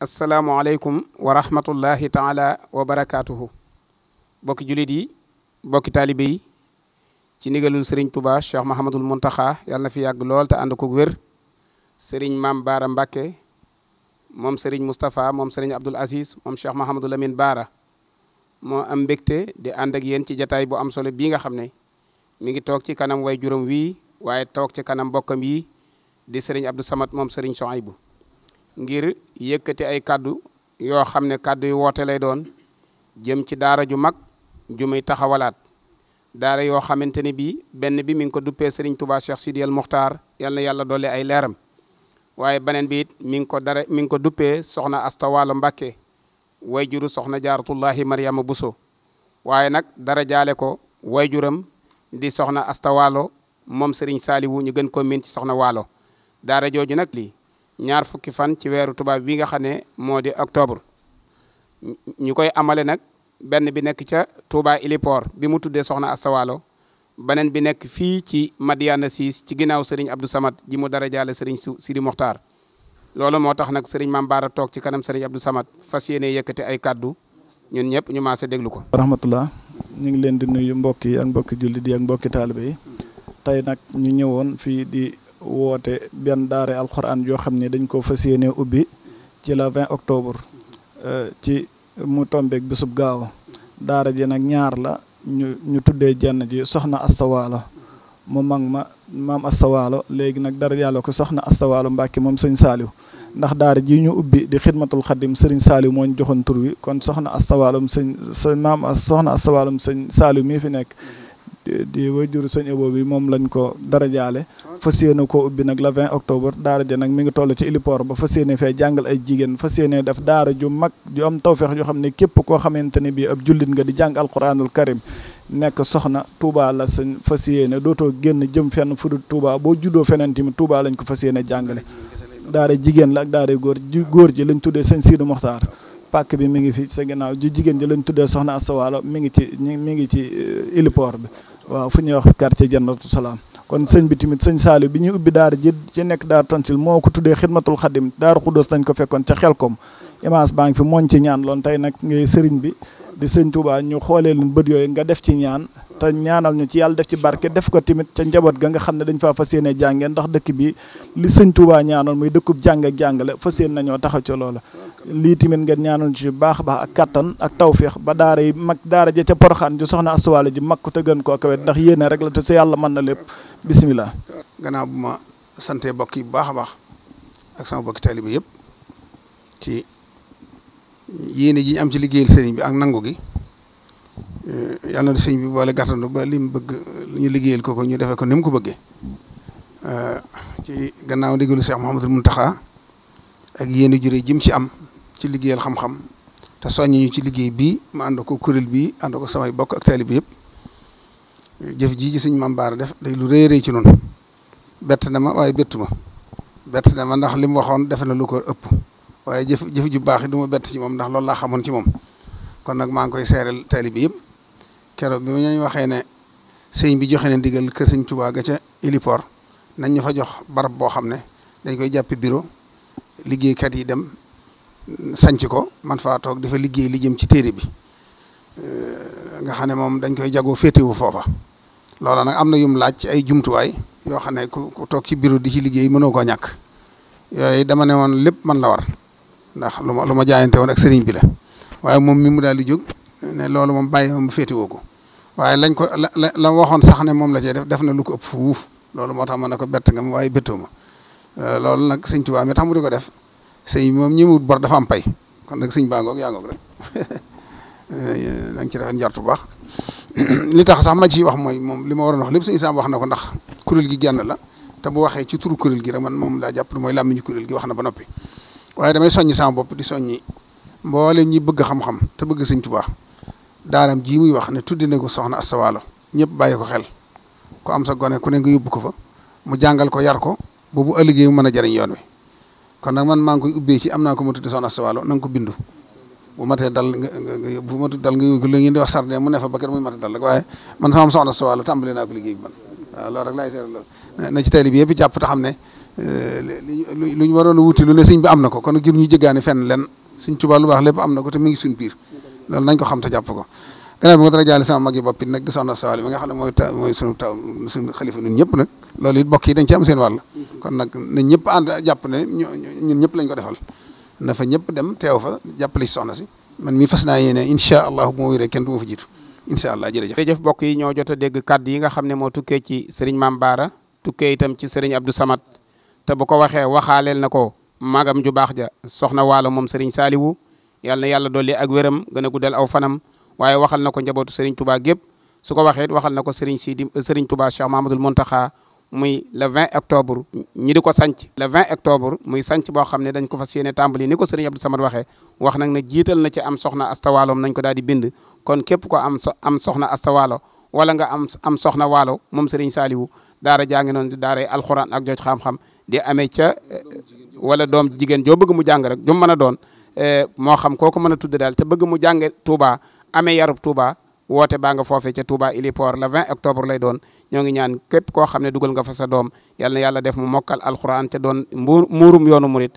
asalaamualeykum wa rahmatullahi taala wa barakaatuhu bokki jullit yi bokki taalibe yi ci ndigalul sëriñ Touba Cheikh Mahamadul Muntaxa yàlla na fi yàgg lool te ànd ko wér sëriñ Maam Baara Mbàkke moom sëriñ Moustapha moom sëriñ Abdul Aziz moom Cheikh Mahamadul Amin Baara moo am mbégte di ànd ak yéen ci jataay bu am solo bii nga xam mi ngi toog ci kanam way juróom wii waaye toog ci kanam bokkam yi di sëriñ Abdou Samad moom sëriñ Soaybu ngir yëkkati ay kàddu yoo xam ne kàddu yu woote lay doon jëm ci daara ju mag ju muy taxawalaat daara yoo xamante ni bii benn bi mi ngi ko duppee Serigne Touba Cheikh Sidi El Mokhtar yal yàlla doole ay leeram waaye beneen bi it mi ngi ko dara mi ngi ko duppee soxna Asta Walo way wayjuru soxna jaaratullahi Mariama Bousso waaye nag dara jaale ko way wayjuram di soxna Asta Walo moom Serigne Saliwu ñu gën ko miin ci soxna Walo daara jooju nag lii ñaar fukki fan ci wéru tubaab wi nga xamné modi octobre ñukoy amalé nak benn bi nek ca Touba Ilipor bi mu tuddé soxna Asawalo benen bi nek fi ci Madiana 6 ci ginaaw Serigne Abdou Samad ji mu dara jale Serigne Sidi Mokhtar lolo motax nak Serigne Mame Bara ci kanam Serigne Abdou Samad fasiyene yekati ay kaddu ñun ñep ñu sa deglu ko. rahmatullah ñi ngi leen di nuyu mbokk yi ak mbokk jullit yi ak mbokk talibé tay nak ñu ñëwoon fi di. woote benn daare alxuraan joo xam ne dañ ko fas yéene ubbi ci la 20 octobre euh, ci mu tombeek bisub gaaw daara ji nag ñaar la ñu tuddee jenn ji soxna astawaalo mu mag ma maam astawaalo léegi nag dara yàlla ko soxna astawaalo mbàkke moom sëñ saaliw ndax daara ji ñu ubbi di xidmatul xadim sëriñ saaliw moo ñu joxoon tur wi kon soxna astawaalum sëñ sëñ maam soxna astawaalum sëñ saaliw mii fi nekk di wajur sëñ Abo bi moom lañ ko darajaale fas yéene koo ubbi nag la 20 octobre daara ja nag mi ngi toll ci héliport ba fas yéene fee jàngal ay jigéen fas yéene def daara ju mag ju am tawfeex yoo xam ne képp koo xamante ne bii ab jullit nga di jàng alquranul karim nekk soxna Touba la sëñ fas yéene dootoo génn jëm fenn fu dul boo juddoo feneen tamit Touba lañ ko fas yéene jàngale daara jigéen la ak daara góor ji góor ji lañ tuddee sëñ Siidu Moxtaar pàkk bi mi ngi fi sa ginnaaw jigéen ji lañ tuddee soxna Asawaalo mi ngi ci mi ngi ci héliport euh, bi waaw fu ñuy wax quartier jannatu salaam kon sëñ bi tamit sëñ Saliou bi ñu ubbi daar ji ci nekk daar tansil moo ko tuddee xidmatul xadim daaru xuddos lañ ko fekkoon ca xel xelkom image baa ngi fi mooñ ci ñaan loon tey nag ngay sëriñ bi di sëñ Touba ñu xoolee lu bët yooyu nga def ci ñaan te ñaanal ñu ci yàlla def ci barke def ko tamit ca njaboot ga nga xam ne dañ faa fas yéene jàngee ndax dëkk bi li sëñ Touba ñaanoon muy dëkkub jàng ak jàngale fas yéene nañoo taxaw ci loola li timen ngeen ñaanal ci baax a baax ak katan ak tawféex ba daara yi mag daara ja ca poroxaan ju soxna asuwaale ji mag ko te gën ko ak wet ndax yéene rek la te sa yàlla man na lépp bismillah gannaaw bu ma sante bokk yi bu baax baax ak sama bokki talib yëpp ci yéene ji am ci liggéeyal sëriñ bi ak nangu gi eh, yàlla na sëriñ bi boole gàttandu ba lim mu bëgg ñu liggéeyal ko ko ñu defee ko ni mu ko bëggee eh, ci gannaaw ndigalu Cheikh Mouhamadul Mountakha ak yéen jure jim ci am ci liggéeyal xam-xam te soññi ñu ci liggéey bii ma ànd ko kuréel bii ànd ko samay bokk ak taalibe yëpp jëf ji ci suñ maam def day lu rëy rëy ci noonu bett na ma waaye bett ma bett na ma ndax li mu waxoon defe na lu ko ëpp waaye jëf jëf ju baax yi duma bett ci moom ndax loolu laa xamoon ci moom kon nag maa ngi koy seeral taalibe yëpp keroog bi ma ñu waxee ne sëñ bi joxe na ndigal kër sëñ Tuubaa ga ca héliport nañ ñu fa jox barab boo xam ne dañ koy jàpp bureau yi dem sanc ko man faa toog dafa liggéey li jëm ci téere bi nga xam ne moom dañ koy jagoo féetewu foofa loolu nag am na yum laaj ci ay jumtuwaay yoo xam ne ku ku toog ci bureau di ci liggéey mënoo koo ñàkk dama ne woon lépp man la war ndax lu ma lu ma jaayante woon ak sëriñ bi la waaye moom mi mu daal di jóg ne loolu moom bàyyi ma mu féetewoo ko waaye lañ ko la la waxoon sax ne moom la cee def def na lu ko ëpp fuuf loolu moo tax ma ne ko bett nga ma waaye bettoo loolu nag sëñ Tuubaa mi tax mu di ko def sëñ moom ñi mu bor dafa am pay kon nag sëñ baa ngoog yaa ngoog rek da nga ci defee njort baax li tax sax ma ci wax mooy moom li ma war a wax lépp sëñ Sam wax na ko ndax kuréel gi genn la te bu waxee ci turu kuréel gi rek man moom laa jàpp mooy làmmiñu kuréel gi wax na ba noppi waaye damay soññi sama bopp di soññi mboolem ñi bëgg xam-xam te bëgg sëñ Tuubaa daaram jii muy wax ne tuddi na ko soxna Asta Waalo ñëpp bàyyi ko xel ku am sa gone ku ne nga yóbbu ko fa mu jàngal ko yar ko boobu ëllëgee mu mën a jëriñ yoon wi kon nag man maa ngi koy ubbee ci am naa ko ma tudde soxna Asta Waalo na nga ko bindu bu matee dal nga bu ma dal nga yóbbu la ngeen wax sarde mu ne ba kat muy matee dal rek waaye man sama soxna Asta Waalo tàmbali naa ko liggéey bi man rek laay seetlu loolu na ci tali bi yëpp jàpp te xam ne euh, li lu ñu waroon a wuti lu ne sëñ bi am na ko kon jur ñu jéggaani fenn len sëñ Tuubaa lu baax lépp am na ko te mu ngi suñ biir nañ ko xam te jàpp ko gannaaw bi ma dara jaale sama mag yi bopp it nag di soxna Sowal nga xam ne mooy sunu taw sunu xalifa ñun ñëpp nag loolu it bokk yi dañ ci am seen wàll mm-hmm. kon na nañ ñëpp ànd jàpp ne ñun ñëpp lañ ko defal na fa ñëpp dem teew fa jàppale si soxna si man mi fas naa yéene incha allah bu ma wéree kenn du ma fa jiitu incha allah jërëjëf jërëjëf bokk yi ñoo jot a dégg kàddu yi nga xam ne moo tukkee ci sëriñ Mame Bara tukkee itam ci sëriñ Abdou Samad te bu ko waxee waxaaleel na ko magam ju baax ja soxna waalo moom sëriñ Saaliwu yàlla na yàlla dolli ak wéram gën a guddal aw fanam waaye waxal na ko njabootu Serigne Touba gépp su ko waxee waxal na ko Serigne Sidi euh, Serigne Touba Cheikh Mahamadoul Mountakha muy le 20 octobre ñi di ko sanc le 20 octobre muy sanc boo xam ne dañ ko fas yéene tàmbali ni ko sëriñ Abdou Samad waxee wax nag na jiital na ci am soxna astawaaloom nañ ko daal di bind kon képp ko am am soxna astawaalo wala nga am am soxna waalo moom sëriñ Saaliwu daara jàngi noonu di daaray alxuraan ak jooj xam-xam di amee ca euh, wala doom jigéen joo bëgg mu jàng rek jum mën a doon Eh, moo xam kooku mën a tudd daal te bëgg mu jànge Touba amee yarub Touba woote baa nga foofee ca Touba Ilipor le 20 octobre lay doon ñoo ngi ñaan képp koo xam ne dugal nga fa sa doom yal na yàlla def mu mokkal alxuraan te doon mbuur muurum yoonu murit